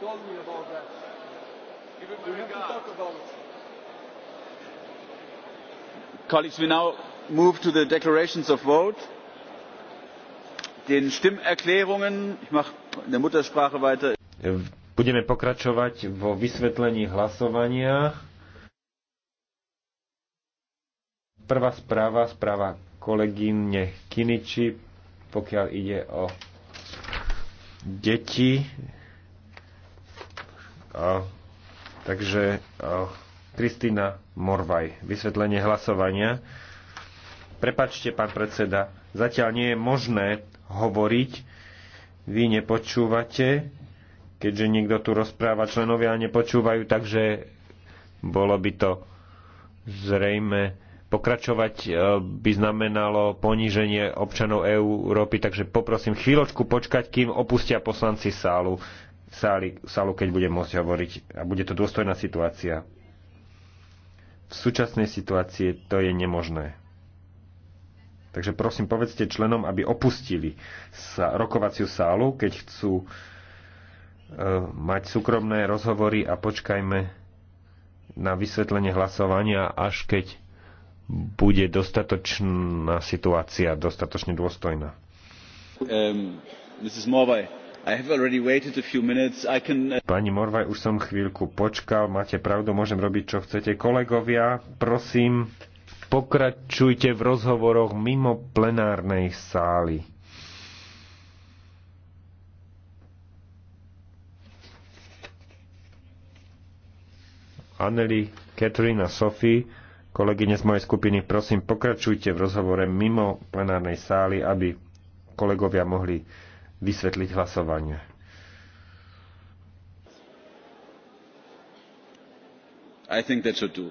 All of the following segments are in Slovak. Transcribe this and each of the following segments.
told me about that. Give him we have to talk about it. Colleagues, we now move to the declarations of vote. Den Stimmerklärungen, ich mache in der Muttersprache weiter. Budeme pokračovať vo vysvetlení hlasovania. Prvá správa, správa kolegyne Kiniči, pokiaľ ide o deti Takže Kristýna Morvaj, vysvetlenie hlasovania. Prepačte, pán predseda, zatiaľ nie je možné hovoriť, vy nepočúvate, keďže niekto tu rozpráva, členovia nepočúvajú, takže bolo by to zrejme pokračovať e, by znamenalo poníženie občanov Európy, takže poprosím chvíľočku počkať, kým opustia poslanci sálu sály, sálu, keď budem môcť hovoriť a bude to dôstojná situácia. V súčasnej situácii to je nemožné. Takže prosím, povedzte členom, aby opustili sa rokovaciu sálu, keď chcú e, mať súkromné rozhovory a počkajme na vysvetlenie hlasovania, až keď bude dostatočná situácia, dostatočne dôstojná. Um, Mrs. Morvay. Uh, Pani Morvaj, už som chvíľku počkal, máte pravdu, môžem robiť, čo chcete. Kolegovia, prosím, pokračujte v rozhovoroch mimo plenárnej sály. Anneli, Katrina, Sophie, kolegyne z mojej skupiny, prosím, pokračujte v rozhovore mimo plenárnej sály, aby kolegovia mohli vysvetliť hlasovanie. I think that should do.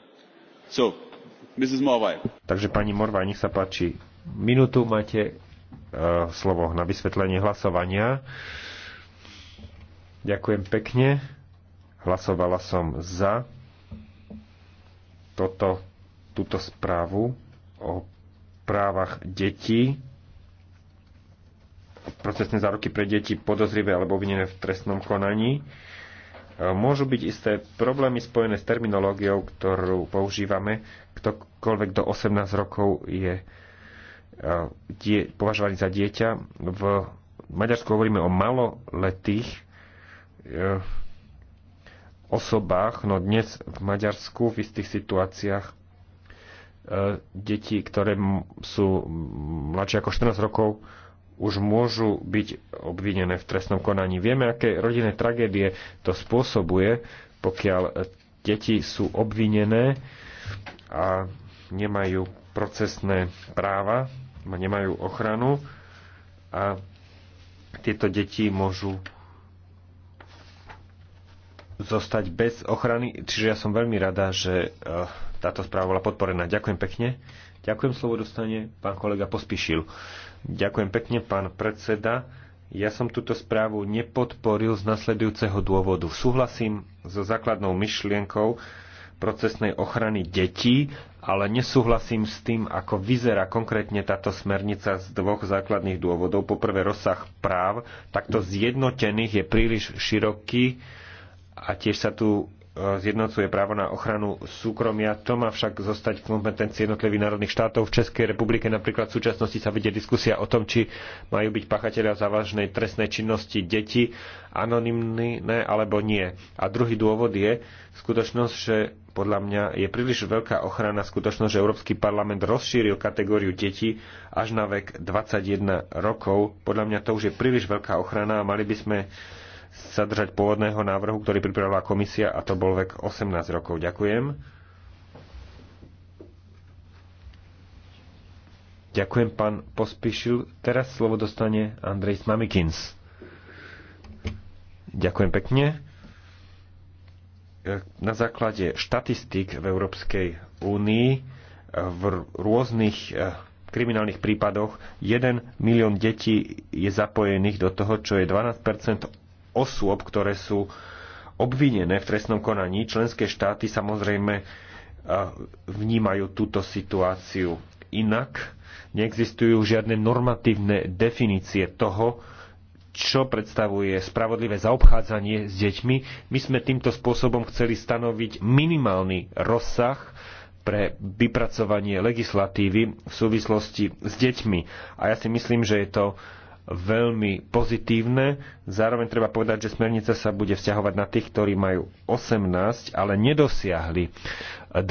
So, Mrs. Morvaj. Takže pani Morvaj, nech sa páči. Minútu máte uh, slovo na vysvetlenie hlasovania. Ďakujem pekne. Hlasovala som za toto, túto správu o právach detí procesné zároky pre deti podozrivé alebo obvinené v trestnom konaní. E, môžu byť isté problémy spojené s terminológiou, ktorú používame. Ktokoľvek do 18 rokov je e, die, považovaný za dieťa. V Maďarsku hovoríme o maloletých e, osobách, no dnes v Maďarsku v istých situáciách deti, ktoré sú mladšie ako 14 rokov, už môžu byť obvinené v trestnom konaní. Vieme, aké rodinné tragédie to spôsobuje, pokiaľ deti sú obvinené a nemajú procesné práva, nemajú ochranu a tieto deti môžu zostať bez ochrany, čiže ja som veľmi rada, že eh, táto správa bola podporená. Ďakujem pekne. Ďakujem, slovo dostane pán kolega Pospišil. Ďakujem pekne, pán predseda. Ja som túto správu nepodporil z nasledujúceho dôvodu. Súhlasím so základnou myšlienkou procesnej ochrany detí, ale nesúhlasím s tým, ako vyzerá konkrétne táto smernica z dvoch základných dôvodov. Poprvé, rozsah práv takto zjednotených je príliš široký a tiež sa tu e, zjednocuje právo na ochranu súkromia. To má však zostať v kompetencii jednotlivých národných štátov. V Českej republike napríklad v súčasnosti sa vedie diskusia o tom, či majú byť pachatelia závažnej trestnej činnosti deti anonimné alebo nie. A druhý dôvod je skutočnosť, že podľa mňa je príliš veľká ochrana skutočnosť, že Európsky parlament rozšíril kategóriu detí až na vek 21 rokov. Podľa mňa to už je príliš veľká ochrana a mali by sme sa držať pôvodného návrhu, ktorý pripravila komisia a to bol vek 18 rokov. Ďakujem. Ďakujem, pán Pospišil. Teraz slovo dostane Andrej Smamikins. Ďakujem pekne. E, na základe štatistík v Európskej únii e, v rôznych e, kriminálnych prípadoch 1 milión detí je zapojených do toho, čo je 12 osôb, ktoré sú obvinené v trestnom konaní. Členské štáty samozrejme e, vnímajú túto situáciu inak. Neexistujú žiadne normatívne definície toho, čo predstavuje spravodlivé zaobchádzanie s deťmi. My sme týmto spôsobom chceli stanoviť minimálny rozsah pre vypracovanie legislatívy v súvislosti s deťmi. A ja si myslím, že je to veľmi pozitívne. Zároveň treba povedať, že smernica sa bude vzťahovať na tých, ktorí majú 18, ale nedosiahli 21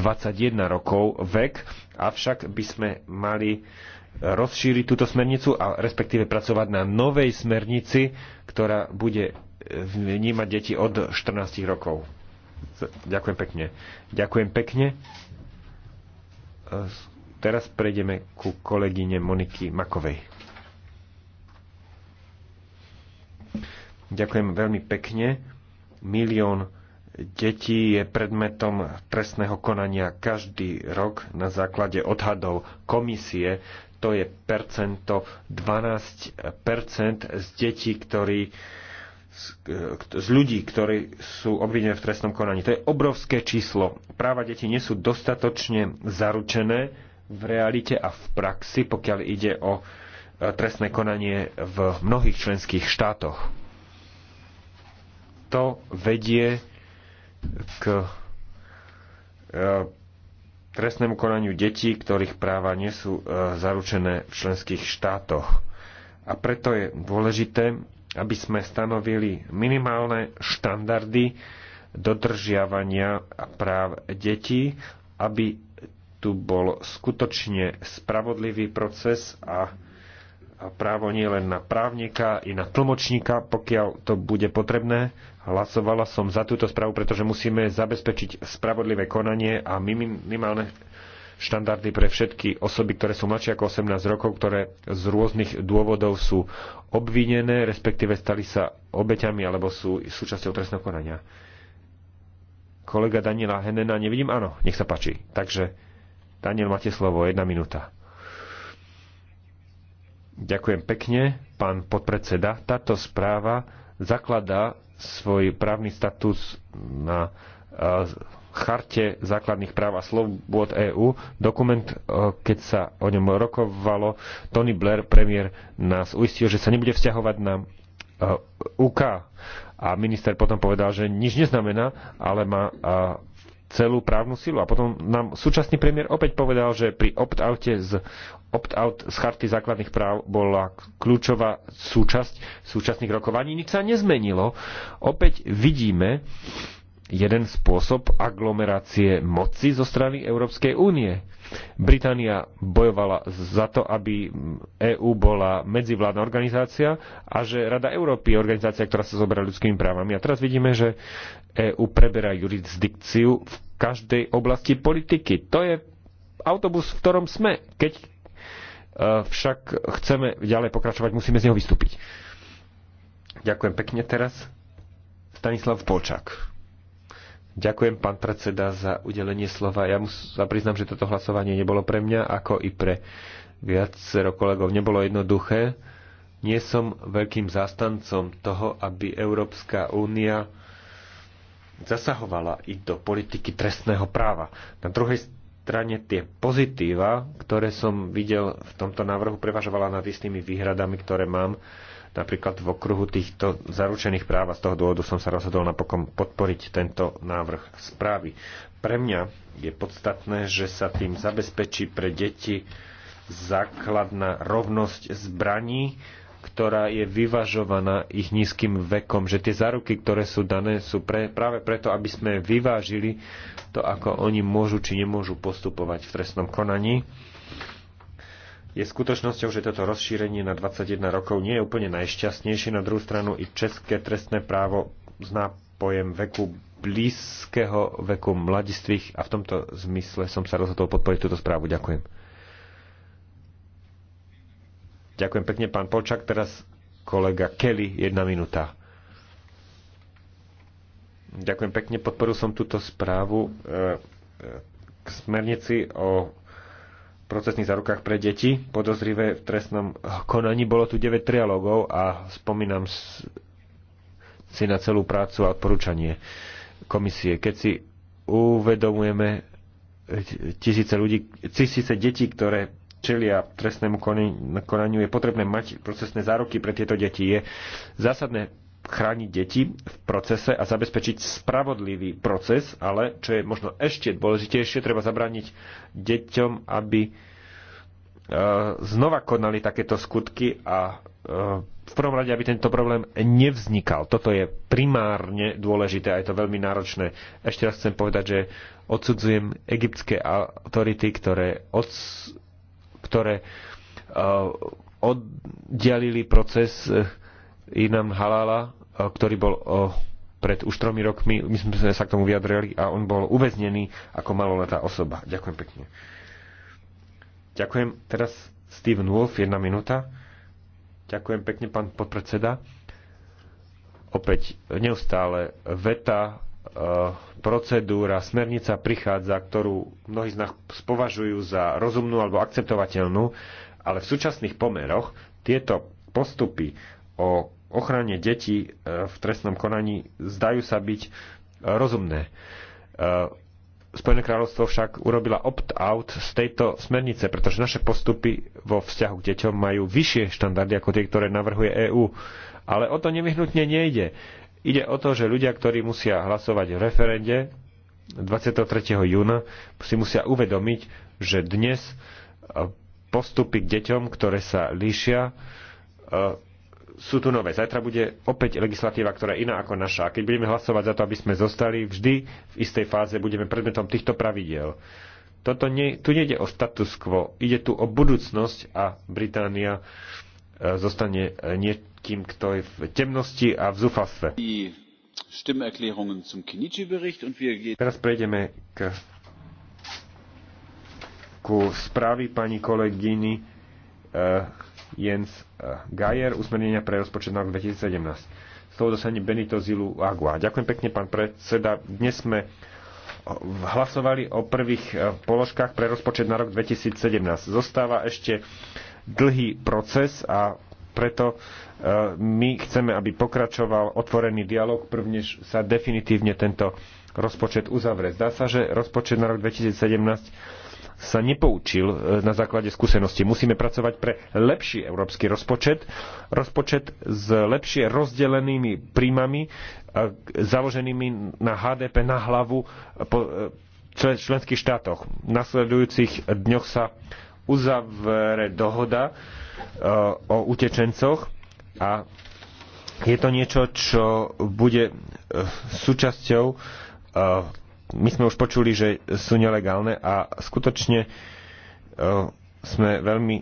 rokov vek, avšak by sme mali rozšíriť túto smernicu a respektíve pracovať na novej smernici, ktorá bude vnímať deti od 14 rokov. Ďakujem pekne. Ďakujem pekne. Teraz prejdeme ku kolegyne Moniky Makovej. Ďakujem veľmi pekne. Milión detí je predmetom trestného konania každý rok na základe odhadov komisie. To je percento 12 z detí, ktorí z ľudí, ktorí sú obvinené v trestnom konaní. To je obrovské číslo. Práva detí nie sú dostatočne zaručené v realite a v praxi, pokiaľ ide o trestné konanie v mnohých členských štátoch to vedie k e, trestnému konaniu detí, ktorých práva nie sú e, zaručené v členských štátoch. A preto je dôležité, aby sme stanovili minimálne štandardy dodržiavania práv detí, aby tu bol skutočne spravodlivý proces a právo nie len na právnika, i na tlmočníka, pokiaľ to bude potrebné. Hlasovala som za túto správu, pretože musíme zabezpečiť spravodlivé konanie a minimálne štandardy pre všetky osoby, ktoré sú mladšie ako 18 rokov, ktoré z rôznych dôvodov sú obvinené, respektíve stali sa obeťami alebo sú súčasťou trestného konania. Kolega Daniela Henena, nevidím? Áno, nech sa páči. Takže, Daniel, máte slovo, jedna minúta. Ďakujem pekne, pán podpredseda. Táto správa zakladá svoj právny status na e, charte základných práv a slobôd EÚ. Dokument, e, keď sa o ňom rokovalo, Tony Blair, premiér, nás uistil, že sa nebude vzťahovať na e, UK. A minister potom povedal, že nič neznamená, ale má celú právnu silu. A potom nám súčasný premiér opäť povedal, že pri opt-oute z opt-out z charty základných práv bola kľúčová súčasť súčasných rokovaní. Nič sa nezmenilo. Opäť vidíme, jeden spôsob aglomerácie moci zo strany Európskej únie. Británia bojovala za to, aby EÚ bola medzivládna organizácia a že Rada Európy je organizácia, ktorá sa zoberá ľudskými právami. A teraz vidíme, že EÚ preberá jurisdikciu v každej oblasti politiky. To je autobus, v ktorom sme. Keď e, však chceme ďalej pokračovať, musíme z neho vystúpiť. Ďakujem pekne teraz. Stanislav Polčák. Ďakujem, pán predseda, za udelenie slova. Ja, mu ja priznám, že toto hlasovanie nebolo pre mňa, ako i pre viacero kolegov. Nebolo jednoduché. Nie som veľkým zástancom toho, aby Európska únia zasahovala i do politiky trestného práva. Na druhej strane tie pozitíva, ktoré som videl v tomto návrhu, prevažovala nad istými výhradami, ktoré mám napríklad v okruhu týchto zaručených práv a z toho dôvodu som sa rozhodol napokon podporiť tento návrh správy. Pre mňa je podstatné, že sa tým zabezpečí pre deti základná rovnosť zbraní, ktorá je vyvažovaná ich nízkym vekom, že tie záruky, ktoré sú dané, sú pre, práve preto, aby sme vyvážili to, ako oni môžu či nemôžu postupovať v trestnom konaní je skutočnosťou, že toto rozšírenie na 21 rokov nie je úplne najšťastnejšie. Na druhú stranu i české trestné právo zná pojem veku blízkeho veku mladistvých a v tomto zmysle som sa rozhodol podporiť túto správu. Ďakujem. Ďakujem pekne, pán Polčak. Teraz kolega Kelly, jedna minúta. Ďakujem pekne, podporil som túto správu eh, eh, k smernici o procesných zárukách pre deti podozrivé v trestnom konaní. Bolo tu 9 trialogov a spomínam si na celú prácu a odporúčanie komisie. Keď si uvedomujeme tisíce ľudí, tisíce detí, ktoré čelia trestnému konaniu, je potrebné mať procesné zároky pre tieto deti. Je zásadné chrániť deti v procese a zabezpečiť spravodlivý proces, ale čo je možno ešte dôležitejšie, treba zabrániť deťom, aby e, znova konali takéto skutky a e, v prvom rade, aby tento problém nevznikal. Toto je primárne dôležité a je to veľmi náročné. Ešte raz chcem povedať, že odsudzujem egyptské autority, ktoré, od, ktoré e, oddialili proces Inam Halala, eh, ktorý bol eh, pred už tromi rokmi, my sme sa k tomu vyjadreli a on bol uväznený ako maloletá osoba. Ďakujem pekne. Ďakujem. Teraz Steven Wolf, jedna minúta. Ďakujem pekne, pán podpredseda. Opäť neustále veta, eh, procedúra, smernica prichádza, ktorú mnohí z nás považujú za rozumnú alebo akceptovateľnú, ale v súčasných pomeroch tieto postupy o ochrane detí e, v trestnom konaní zdajú sa byť rozumné. E, Spojené kráľovstvo však urobila opt-out z tejto smernice, pretože naše postupy vo vzťahu k deťom majú vyššie štandardy ako tie, ktoré navrhuje EÚ. Ale o to nevyhnutne nejde. Ide o to, že ľudia, ktorí musia hlasovať v referende 23. júna, si musia uvedomiť, že dnes postupy k deťom, ktoré sa líšia, e, sú tu nové. Zajtra bude opäť legislatíva, ktorá je iná ako naša. A keď budeme hlasovať za to, aby sme zostali, vždy v istej fáze budeme predmetom týchto pravidiel. Toto nie, tu nejde o status quo, ide tu o budúcnosť a Británia e, zostane e, niekým, kto je v temnosti a v zúfalstve. Teraz prejdeme k, ku správy pani kolegyny e, Jens e, Geier, usmernenia pre rozpočet na rok 2017. Slovo dosadne Benito Zilu Agua. Ďakujem pekne, pán predseda. Dnes sme e, hlasovali o prvých e, položkách pre rozpočet na rok 2017. Zostáva ešte dlhý proces a preto my chceme, aby pokračoval otvorený dialog, prvnež sa definitívne tento rozpočet uzavrie. Zdá sa, že rozpočet na rok 2017 sa nepoučil e, na základe skúsenosti. Musíme pracovať pre lepší európsky rozpočet, rozpočet s lepšie rozdelenými príjmami, založenými na HDP na hlavu po e, členských štátoch. V nasledujúcich dňoch sa uzavere dohoda e, o utečencoch a je to niečo, čo bude súčasťou my sme už počuli, že sú nelegálne a skutočne e, sme veľmi,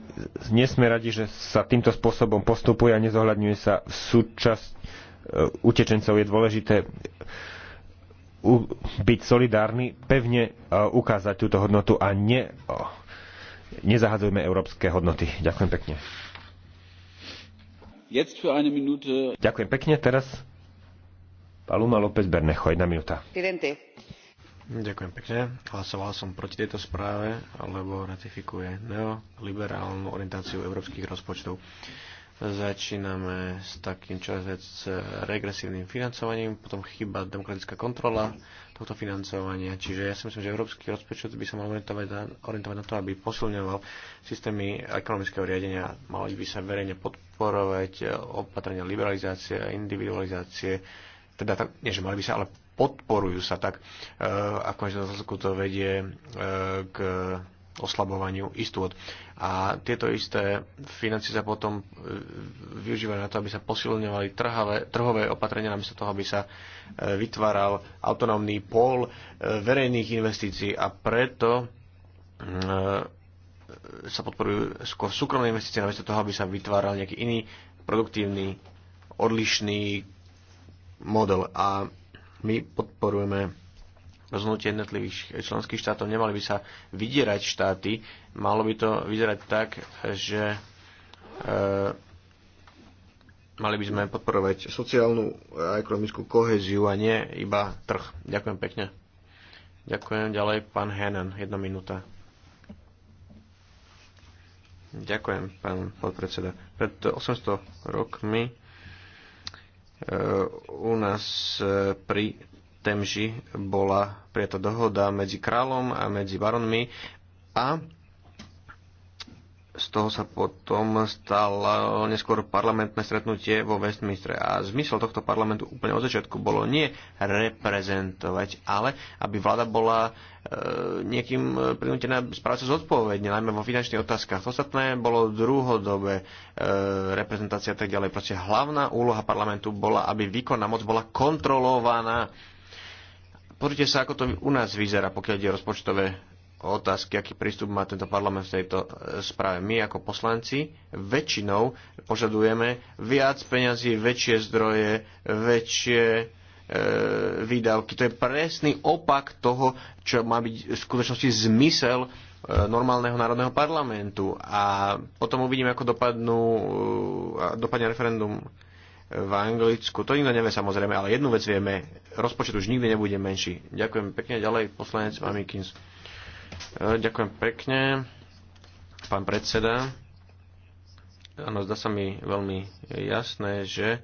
nie sme radi, že sa týmto spôsobom postupuje a nezohľadňuje sa v súčasť e, utečencov. Je dôležité byť solidárny, pevne e, ukázať túto hodnotu a ne, nezahadzujme európske hodnoty. Ďakujem pekne. Ďakujem pekne. Teraz Paloma López Bernecho, jedna minúta. Presidente Ďakujem pekne. Hlasoval som proti tejto správe, lebo ratifikuje neoliberálnu orientáciu európskych rozpočtov. Začíname s takým časec regresívnym financovaním, potom chyba demokratická kontrola tohto financovania. Čiže ja si myslím, že európsky rozpočet by sa mal orientovať na, orientovať na to, aby posilňoval systémy ekonomického riadenia. Mali by sa verejne podporovať opatrenia liberalizácie, individualizácie, teda tak, nie, že mali by sa, ale podporujú sa tak a v konečnom dôsledku to vedie eh, k oslabovaniu istôt. A tieto isté financie sa potom eh, využívajú na to, aby sa posilňovali trhavé, trhové opatrenia, namiesto toho, aby sa eh, vytváral autonómny pól verejných investícií a preto sa podporujú skôr súkromné investície, namiesto toho, aby sa vytváral nejaký iný produktívny, odlišný model. A my podporujeme rozhodnutie jednotlivých členských štátov. Nemali by sa vydierať štáty. Malo by to vyzerať tak, že e, mali by sme podporovať sociálnu a ekonomickú koheziu a nie iba trh. Ďakujem pekne. Ďakujem ďalej, pán Henan. Jedna minúta. Ďakujem, pán podpredseda. Pred 800 rokmi u nás e, pri Temži bola prijatá dohoda medzi kráľom a medzi baronmi a z toho sa potom stalo neskôr parlamentné stretnutie vo Westminstre. A zmysel tohto parlamentu úplne od začiatku bolo nie reprezentovať, ale aby vláda bola e, niekým e, prinútená správať sa zodpovedne, najmä vo finančných otázkach. To ostatné bolo druhodobé e, reprezentácia a tak ďalej. Proste hlavná úloha parlamentu bola, aby výkonná moc bola kontrolovaná. Pozrite sa, ako to u nás vyzerá, pokiaľ ide rozpočtové otázky, aký prístup má tento parlament v tejto e, správe. My ako poslanci väčšinou požadujeme viac peňazí, väčšie zdroje, väčšie e, výdavky. To je presný opak toho, čo má byť v skutočnosti zmysel e, normálneho národného parlamentu. A potom uvidíme, ako dopadnú, e, dopadne referendum v Anglicku. To nikto nevie samozrejme, ale jednu vec vieme. Rozpočet už nikdy nebude menší. Ďakujem pekne. Ďalej poslanec Mamikins. E, ďakujem pekne, pán predseda. Áno, zdá sa mi veľmi jasné, že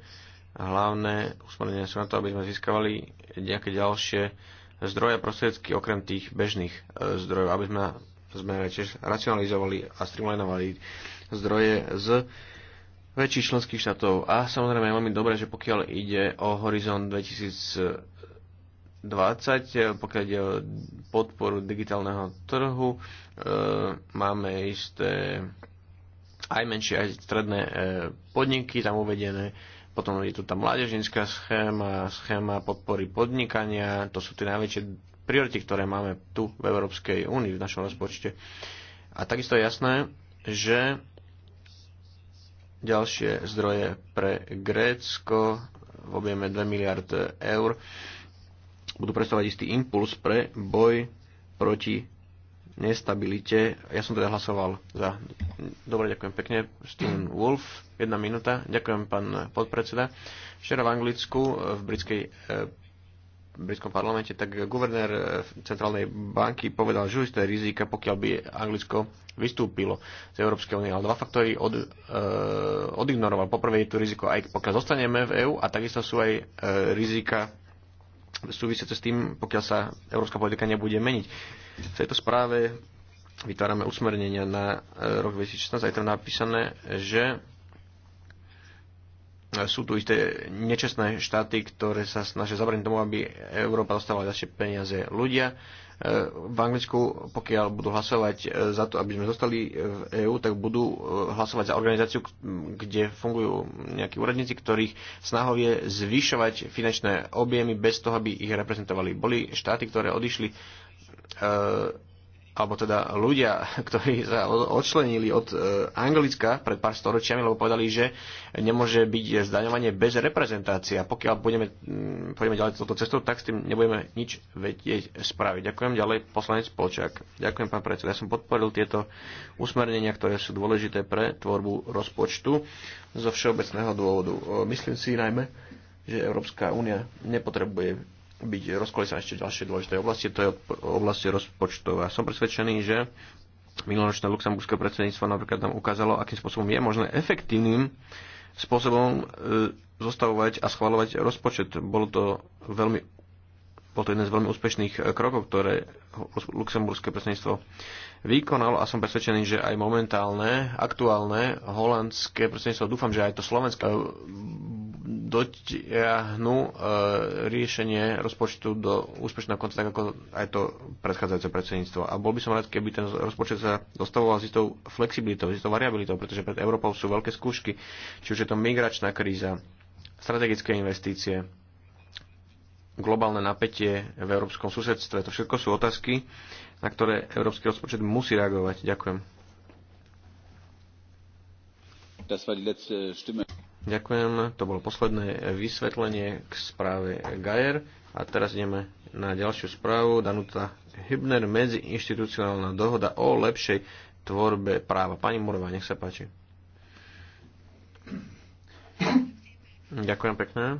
hlavné usmernenia sú na to, aby sme získavali nejaké ďalšie zdroje a prostriedky okrem tých bežných e, zdrojov, aby sme, sme tiež racionalizovali a streamlinovali zdroje z väčších členských štátov. A samozrejme je veľmi dobré, že pokiaľ ide o horizont 2020, 20, pokiaľ ide o podporu digitálneho trhu, e, máme isté aj menšie, aj stredné e, podniky tam uvedené, potom je tu tá mládežnická schéma, schéma podpory podnikania, to sú tie najväčšie priority, ktoré máme tu v Európskej únii, v našom rozpočte. A takisto je jasné, že ďalšie zdroje pre Grécko v objeme 2 miliard eur budú predstavovať istý impuls pre boj proti nestabilite. Ja som teda hlasoval za. Dobre, ďakujem pekne. Steven Wolf, jedna minúta. Ďakujem, pán podpredseda. Včera v Anglicku, v britskej eh, v britskom parlamente, tak guvernér eh, Centrálnej banky povedal, že isté rizika, pokiaľ by Anglicko vystúpilo z Európskej únie. Ale dva faktory od, e, odignoroval. Poprvé je tu riziko, aj pokiaľ zostaneme v EÚ, a takisto sú aj e, rizika súvisiace s tým, pokiaľ sa európska politika nebude meniť. V tejto správe vytvárame usmernenia na e, rok 2016 a je tam napísané, že e, sú tu isté nečestné štáty, ktoré sa snažia zabrániť tomu, aby Európa dostávala ďalšie peniaze ľudia v Anglicku, pokiaľ budú hlasovať e, za to, aby sme zostali v EÚ, tak budú e, hlasovať za organizáciu, kde fungujú nejakí úradníci, ktorých snahou je zvyšovať finančné objemy bez toho, aby ich reprezentovali. Boli štáty, ktoré odišli e, alebo teda ľudia, ktorí sa odčlenili od e, Anglicka pred pár storočiami, lebo povedali, že nemôže byť zdaňovanie bez reprezentácie. A pokiaľ budeme, mm, pôjdeme ďalej toto cestou, tak s tým nebudeme nič vedieť spraviť. Ďakujem ďalej poslanec Polčák. Ďakujem pán predseda. Ja som podporil tieto usmernenia, ktoré sú dôležité pre tvorbu rozpočtu zo všeobecného dôvodu. E, myslím si najmä, že Európska únia nepotrebuje byť rozkolesa ešte ďalšie dôležité oblasti, to je oblasti rozpočtová. Som presvedčený, že minuloročné luxemburské predsedníctvo napríklad nám ukázalo, akým spôsobom je možné efektívnym spôsobom e, zostavovať a schvalovať rozpočet. Bolo to veľmi bol to jeden z veľmi úspešných eh, krokov, ktoré luxemburské predsedníctvo vykonalo a som presvedčený, že aj momentálne, aktuálne holandské predsedníctvo, dúfam, že aj to slovenské eh, dotiahnu eh, riešenie rozpočtu do úspešného konca, tak ako aj to predchádzajúce predsedníctvo. A bol by som rád, keby ten rozpočet sa dostavoval s istou flexibilitou, s istou variabilitou, pretože pred Európou sú veľké skúšky, či už je to migračná kríza, strategické investície, globálne napätie v európskom susedstve. To všetko sú otázky, na ktoré európsky rozpočet musí reagovať. Ďakujem. Ďakujem, to bolo posledné vysvetlenie k správe Gajer. A teraz ideme na ďalšiu správu. Danuta Hübner, medziinstitucionálna dohoda o lepšej tvorbe práva. Pani morová, nech sa páči. Ďakujem pekne.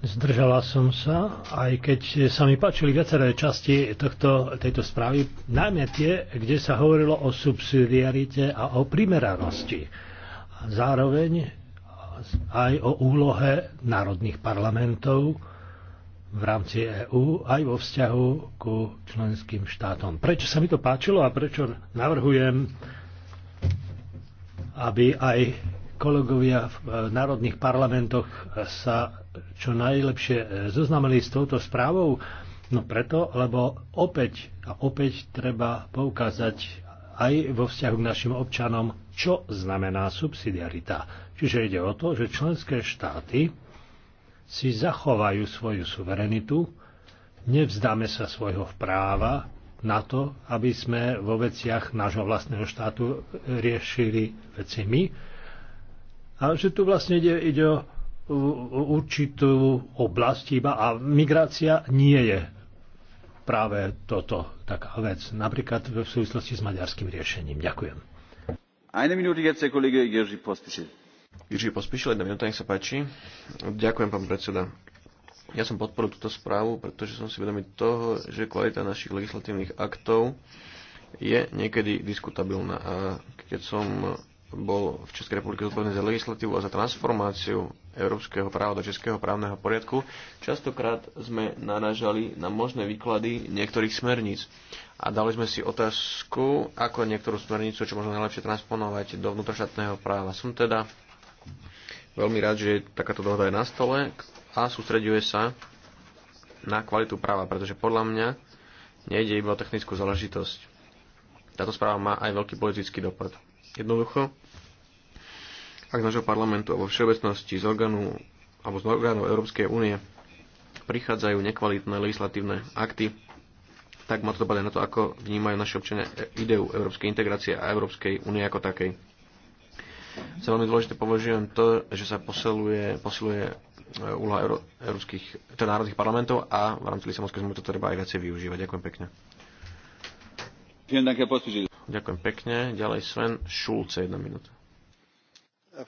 Zdržala som sa, aj keď sa mi páčili viaceré časti tohto, tejto správy, najmä tie, kde sa hovorilo o subsidiarite a o primeranosti. A zároveň aj o úlohe národných parlamentov v rámci EÚ aj vo vzťahu ku členským štátom. Prečo sa mi to páčilo a prečo navrhujem, aby aj kolegovia v e, národných parlamentoch sa čo najlepšie e, zoznamili s touto správou? No preto, lebo opäť a opäť treba poukázať aj vo vzťahu k našim občanom, čo znamená subsidiarita. Čiže ide o to, že členské štáty si zachovajú svoju suverenitu, nevzdáme sa svojho práva na to, aby sme vo veciach nášho vlastného štátu riešili veci my, a že tu vlastne ide, ide o určitú oblasť iba a migrácia nie je práve toto taká vec. Napríklad v súvislosti s maďarským riešením. Ďakujem. Eine Minute jetzt der Kollege Jerzy Pospišil. Jerzy Pospišil, jedna minúta, nech sa páči. Ďakujem, pán predseda. Ja som podporil túto správu, pretože som si vedomý toho, že kvalita našich legislatívnych aktov je niekedy diskutabilná. A keď som bol v Českej republike zodpovedný za legislatívu a za transformáciu európskeho práva do českého právneho poriadku, častokrát sme naražali na možné výklady niektorých smerníc. A dali sme si otázku, ako niektorú smernicu, čo možno najlepšie transponovať do vnútroštátneho práva. Som teda veľmi rád, že takáto dohoda je na stole a sústreďuje sa na kvalitu práva, pretože podľa mňa nejde iba o technickú záležitosť. Táto správa má aj veľký politický dopad. Jednoducho, ak z našho parlamentu alebo všeobecnosti z orgánu alebo z orgánov Európskej únie prichádzajú nekvalitné legislatívne akty, tak má to dopad na to, ako vnímajú naši občania ideu európskej integrácie a Európskej únie ako takej. Za veľmi dôležité považujem to, že sa posiluje, posiluje e, úloha Euró- európskych, teda národných parlamentov a v rámci Lisabonskej zmluvy to treba aj viacej využívať. Ďakujem pekne. Ďakujem pekne. Ďalej Sven Šulce, jedna minúta. Äh,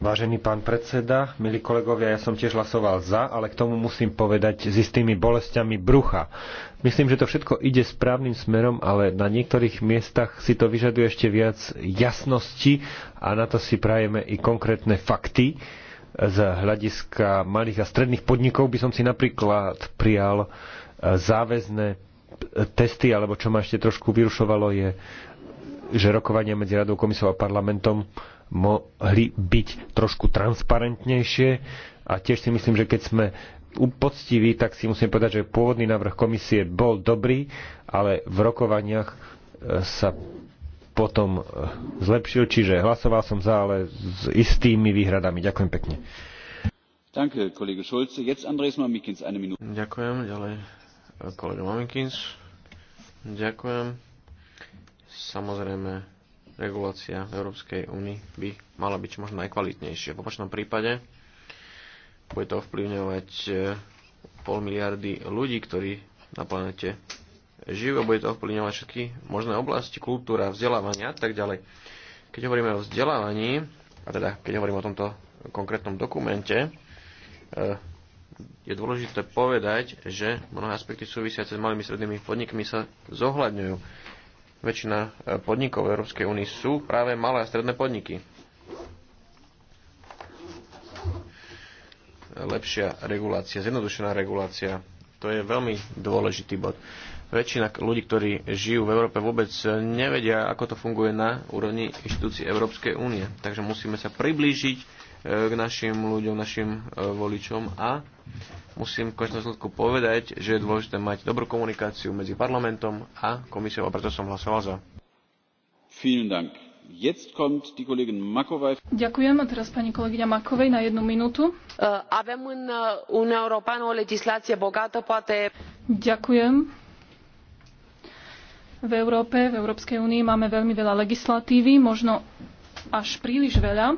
Vážený pán predseda, milí kolegovia, ja som tiež hlasoval za, ale k tomu musím povedať s istými bolestiami brucha. Myslím, že to všetko ide správnym smerom, ale na niektorých miestach si to vyžaduje ešte viac jasnosti a na to si prajeme i konkrétne fakty. Z hľadiska malých a stredných podnikov by som si napríklad prijal e, záväzné testy, alebo čo ma ešte trošku vyrušovalo, je, že rokovania medzi Radou, komisou a parlamentom mohli byť trošku transparentnejšie a tiež si myslím, že keď sme poctiví, tak si musím povedať, že pôvodný návrh komisie bol dobrý, ale v rokovaniach e, sa potom e, zlepšil, čiže hlasoval som za, ale s istými výhradami. Ďakujem pekne. Ďakujem, ďalej kolega Mamikins. Ďakujem. Samozrejme, regulácia v Európskej únii by mala byť možno najkvalitnejšia. V opačnom prípade bude to ovplyvňovať e, pol miliardy ľudí, ktorí na planete žijú a bude to ovplyvňovať všetky možné oblasti, kultúra, vzdelávania a tak ďalej. Keď hovoríme o vzdelávaní, a teda keď hovorím o tomto konkrétnom dokumente, e, je dôležité povedať, že mnohé aspekty súvisiace s malými strednými podnikmi sa zohľadňujú. Väčšina e, podnikov v Európskej únii sú práve malé a stredné podniky. Lepšia regulácia, zjednodušená regulácia, to je veľmi dôležitý bod. Väčšina ľudí, ktorí žijú v Európe, vôbec nevedia, ako to funguje na úrovni inštitúcií Európskej únie. Takže musíme sa priblížiť k našim ľuďom, našim e, voličom a musím v konečnom sledku povedať, že je dôležité mať dobrú komunikáciu medzi parlamentom a komisiou a preto som hlasoval za. Ďakujem a teraz pani kolegyňa Makovej na jednu minútu. E, avem în Uniunea Europeană o legislație bogată, poate... Ďakujem. V Európe, v Európskej únii máme veľmi veľa legislatívy, možno až príliš veľa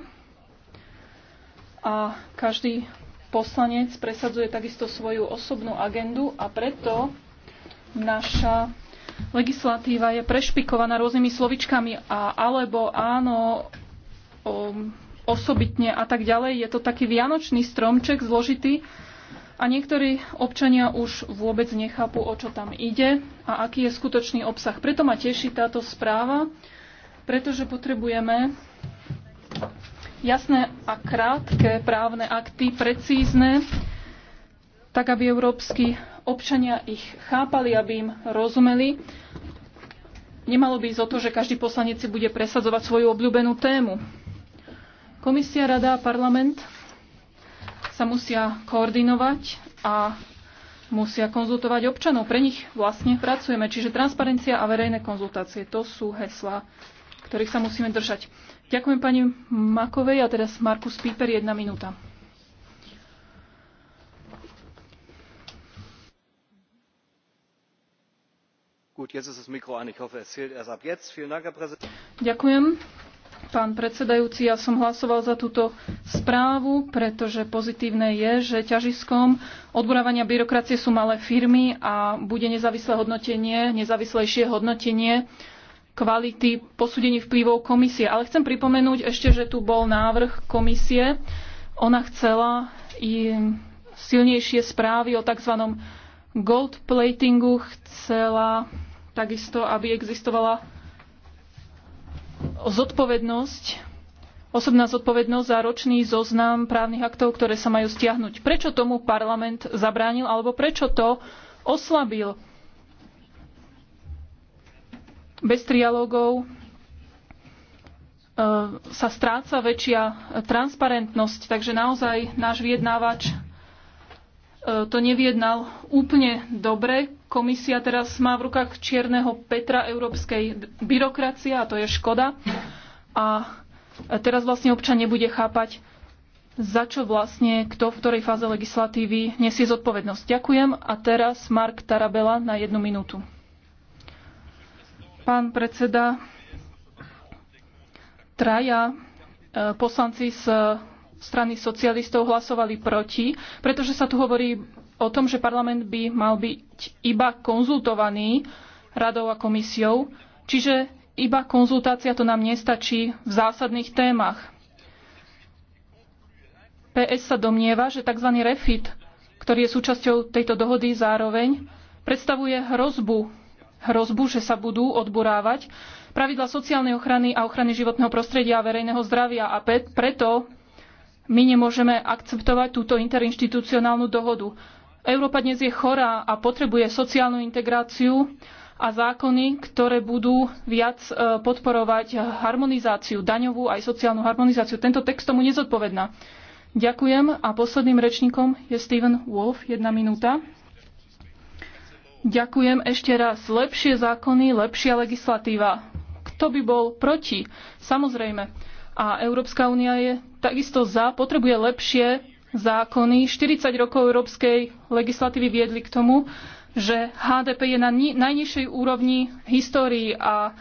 a každý poslanec presadzuje takisto svoju osobnú agendu a preto naša legislatíva je prešpikovaná rôznymi slovičkami a alebo áno, um, osobitne a tak ďalej. Je to taký vianočný stromček zložitý a niektorí občania už vôbec nechápu, o čo tam ide a aký je skutočný obsah. Preto ma teší táto správa, pretože potrebujeme jasné a krátke právne akty, precízne, tak aby európsky občania ich chápali, aby im rozumeli. Nemalo by ísť o to, že každý poslanec si bude presadzovať svoju obľúbenú tému. Komisia, rada a parlament sa musia koordinovať a musia konzultovať občanov. Pre nich vlastne pracujeme. Čiže transparencia a verejné konzultácie, to sú hesla, ktorých sa musíme držať. Ďakujem pani Makovej a teraz Markus Píper, jedna minúta. Ďakujem. Pán predsedajúci, ja som hlasoval za túto správu, pretože pozitívne je, že ťažiskom odborávania byrokracie sú malé firmy a bude nezávislé hodnotenie, nezávislejšie hodnotenie kvality posúdení vplyvov komisie. Ale chcem pripomenúť ešte, že tu bol návrh komisie. Ona chcela i silnejšie správy o tzv. gold platingu, chcela takisto, aby existovala zodpovednosť, osobná zodpovednosť za ročný zoznam právnych aktov, ktoré sa majú stiahnuť. Prečo tomu parlament zabránil, alebo prečo to oslabil? Bez trialógov e, sa stráca väčšia transparentnosť, takže naozaj náš vyjednávač e, to neviednal úplne dobre. Komisia teraz má v rukách čierneho Petra európskej byrokracie a to je škoda. A teraz vlastne občan nebude chápať, za čo vlastne kto v ktorej fáze legislatívy nesie zodpovednosť. Ďakujem a teraz Mark Tarabela na jednu minútu. Pán predseda, traja e, poslanci z strany socialistov hlasovali proti, pretože sa tu hovorí o tom, že parlament by mal byť iba konzultovaný radou a komisiou, čiže iba konzultácia to nám nestačí v zásadných témach. PS sa domnieva, že tzv. refit, ktorý je súčasťou tejto dohody zároveň, predstavuje hrozbu hrozbu, že sa budú odburávať pravidla sociálnej ochrany a ochrany životného prostredia a verejného zdravia a preto my nemôžeme akceptovať túto interinštitucionálnu dohodu. Európa dnes je chorá a potrebuje sociálnu integráciu a zákony, ktoré budú viac e, podporovať harmonizáciu, daňovú aj sociálnu harmonizáciu. Tento text tomu nezodpovedná. Ďakujem a posledným rečníkom je Steven Wolf, jedna minúta. Ďakujem ešte raz. Lepšie zákony, lepšia legislatíva. Kto by bol proti? Samozrejme. A Európska únia je takisto za, potrebuje lepšie zákony. 40 rokov európskej legislatívy viedli k tomu, že HDP je na najnižšej úrovni v histórii a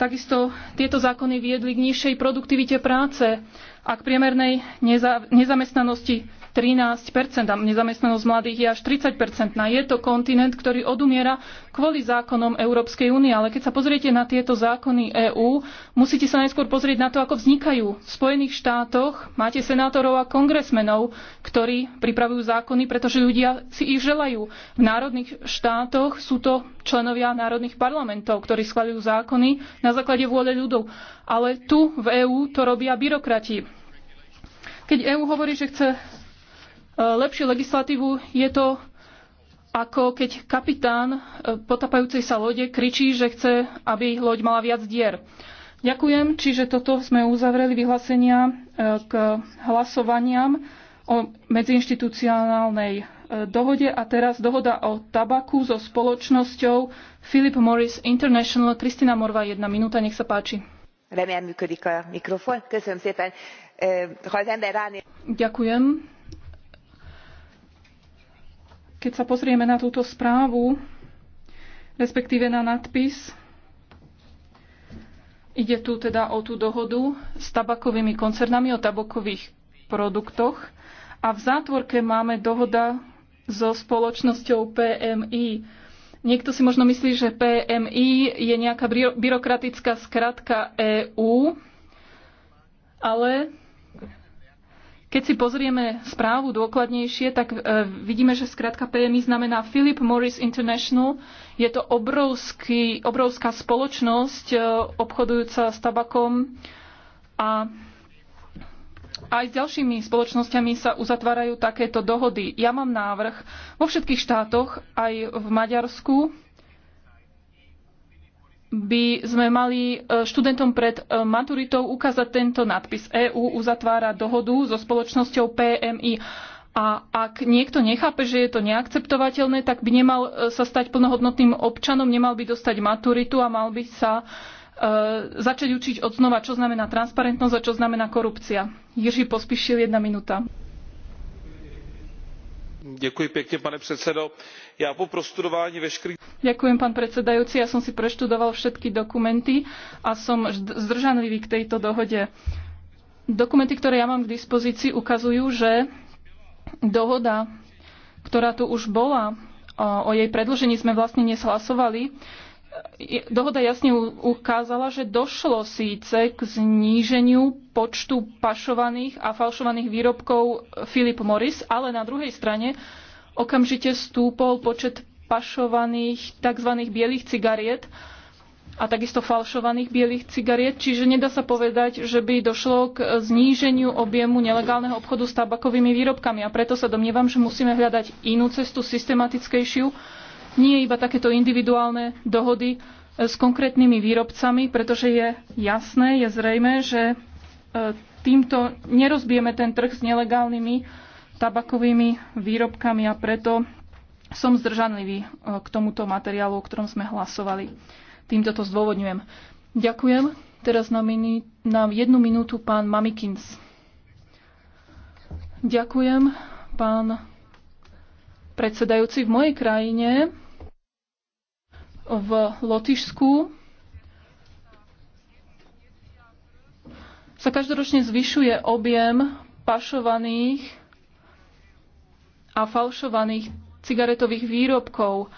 Takisto tieto zákony viedli k nižšej produktivite práce a k priemernej neza- nezamestnanosti. 13 a nezamestnanosť mladých je až 30 Je to kontinent, ktorý odumiera kvôli zákonom Európskej únie, ale keď sa pozriete na tieto zákony EÚ, musíte sa najskôr pozrieť na to, ako vznikajú. V Spojených štátoch máte senátorov a kongresmenov, ktorí pripravujú zákony, pretože ľudia si ich želajú. V národných štátoch sú to členovia národných parlamentov, ktorí schvaľujú zákony na základe vôle ľudov. Ale tu v EÚ to robia byrokrati. Keď EÚ hovorí, že chce E, lepšiu legislatívu, je to ako keď kapitán e, potapajúcej sa lode kričí, že chce, aby loď mala viac dier. Ďakujem, čiže toto sme uzavreli vyhlásenia e, k hlasovaniam o medziinštitucionálnej dohode a teraz dohoda o tabaku so spoločnosťou Philip Morris International. Kristina Morva, jedna minúta, nech sa páči. működik a mikrofon. Köszönöm szépen. Ha az ember ráné... Ďakujem keď sa pozrieme na túto správu, respektíve na nadpis, ide tu teda o tú dohodu s tabakovými koncernami o tabakových produktoch a v zátvorke máme dohoda so spoločnosťou PMI. Niekto si možno myslí, že PMI je nejaká byrokratická skratka EÚ, ale keď si pozrieme správu dôkladnejšie, tak e, vidíme, že skrátka PMI znamená Philip Morris International. Je to obrovský, obrovská spoločnosť e, obchodujúca s tabakom a aj s ďalšími spoločnosťami sa uzatvárajú takéto dohody. Ja mám návrh vo všetkých štátoch, aj v Maďarsku, by sme mali e, študentom pred e, maturitou ukázať tento nadpis. EÚ uzatvára dohodu so spoločnosťou PMI. A ak niekto nechápe, že je to neakceptovateľné, tak by nemal e, sa stať plnohodnotným občanom, nemal by dostať maturitu a mal by sa začať učiť od znova, čo znamená transparentnosť a čo znamená korupcia. Jiří pospíšil jedna minúta ja po prostudovaní ďakujem pán predsedajúci ja som si preštudoval všetky dokumenty a som zdržanlivý k tejto dohode. dokumenty ktoré ja mám k dispozícii ukazujú že dohoda ktorá tu už bola o jej predĺžení sme vlastne dnes hlasovali dohoda jasne ukázala, že došlo síce k zníženiu počtu pašovaných a falšovaných výrobkov Philip Morris, ale na druhej strane okamžite stúpol počet pašovaných tzv. bielých cigariet a takisto falšovaných bielých cigariet, čiže nedá sa povedať, že by došlo k zníženiu objemu nelegálneho obchodu s tabakovými výrobkami a preto sa domnievam, že musíme hľadať inú cestu systematickejšiu, nie iba takéto individuálne dohody e, s konkrétnymi výrobcami, pretože je jasné, je zrejme, že e, týmto nerozbijeme ten trh s nelegálnymi tabakovými výrobkami a preto som zdržanlivý e, k tomuto materiálu, o ktorom sme hlasovali. Týmto to zdôvodňujem. Ďakujem. Teraz na, mini, na jednu minútu pán Mamikins. Ďakujem, pán predsedajúci v mojej krajine, v Lotyšsku, sa každoročne zvyšuje objem pašovaných a falšovaných cigaretových výrobkov.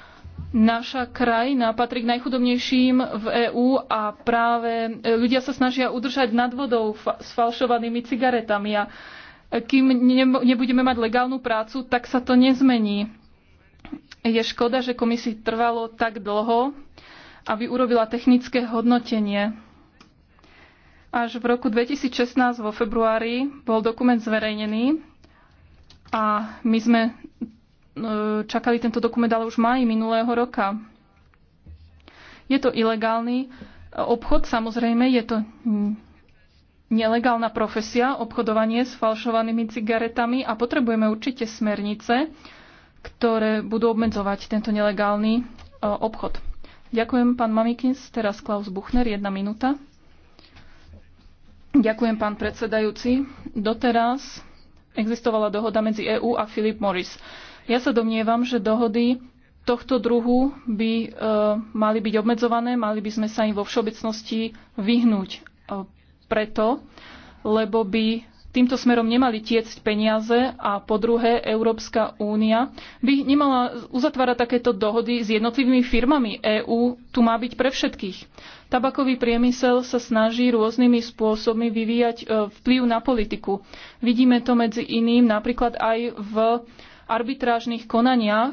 Naša krajina patrí k najchudobnejším v EÚ a práve e, ľudia sa snažia udržať nad vodou s falšovanými cigaretami. A kým nebudeme mať legálnu prácu, tak sa to nezmení. Je škoda, že komisii trvalo tak dlho, aby urobila technické hodnotenie. Až v roku 2016 vo februári bol dokument zverejnený a my sme e, čakali tento dokument ale už v máji minulého roka. Je to ilegálny obchod, samozrejme, je to nelegálna profesia, obchodovanie s falšovanými cigaretami a potrebujeme určite smernice, ktoré budú obmedzovať tento nelegálny e, obchod. Ďakujem, pán Mamikins. Teraz Klaus Buchner, jedna minúta. Ďakujem, pán predsedajúci. Doteraz existovala dohoda medzi EÚ a Philip Morris. Ja sa domnievam, že dohody tohto druhu by e, mali byť obmedzované, mali by sme sa im vo všeobecnosti vyhnúť e, preto, lebo by týmto smerom nemali tiecť peniaze a po druhé Európska únia by nemala uzatvárať takéto dohody s jednotlivými firmami. EÚ tu má byť pre všetkých. Tabakový priemysel sa snaží rôznymi spôsobmi vyvíjať e, vplyv na politiku. Vidíme to medzi iným napríklad aj v arbitrážnych konaniach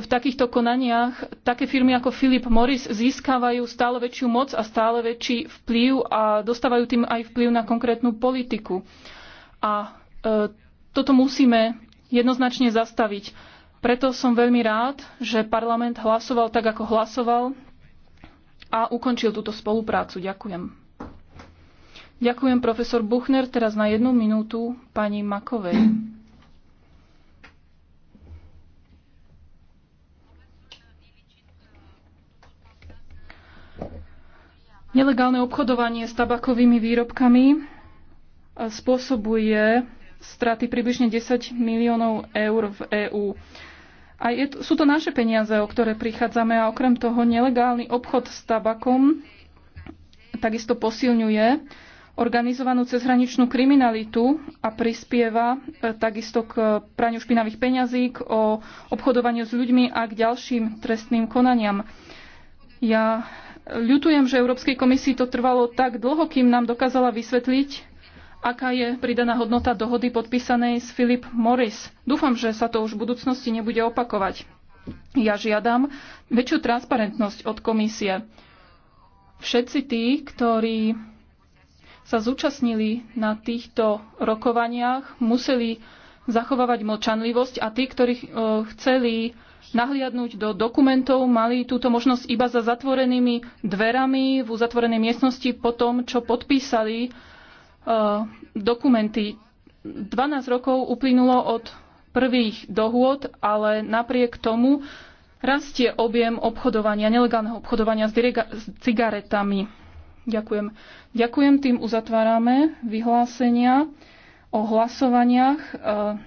v takýchto konaniach také firmy ako Philip Morris získavajú stále väčšiu moc a stále väčší vplyv a dostávajú tým aj vplyv na konkrétnu politiku. A e, toto musíme jednoznačne zastaviť. Preto som veľmi rád, že parlament hlasoval tak, ako hlasoval a ukončil túto spoluprácu. Ďakujem. Ďakujem profesor Buchner. Teraz na jednu minútu pani Makovej. Nelegálne obchodovanie s tabakovými výrobkami e, spôsobuje straty približne 10 miliónov eur v EÚ. A je, sú to naše peniaze, o ktoré prichádzame a okrem toho nelegálny obchod s tabakom takisto posilňuje organizovanú cezhraničnú kriminalitu a prispieva e, takisto k praniu špinavých peňazí, k obchodovaniu s ľuďmi a k ďalším trestným konaniam. Ja Ľutujem, že Európskej komisii to trvalo tak dlho, kým nám dokázala vysvetliť, aká je pridaná hodnota dohody podpísanej s Philip Morris. Dúfam, že sa to už v budúcnosti nebude opakovať. Ja žiadam väčšiu transparentnosť od komisie. Všetci tí, ktorí sa zúčastnili na týchto rokovaniach, museli zachovávať mlčanlivosť a tí, ktorí e, chceli nahliadnúť do dokumentov, mali túto možnosť iba za zatvorenými dverami v uzatvorenej miestnosti po tom, čo podpísali uh, dokumenty. 12 rokov uplynulo od prvých dohôd, ale napriek tomu rastie objem obchodovania, nelegálneho obchodovania s, s cigaretami. Ďakujem. Ďakujem, tým uzatvárame vyhlásenia o hlasovaniach eh,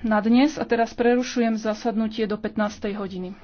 na dnes a teraz prerušujem zasadnutie do pätnástej hodiny.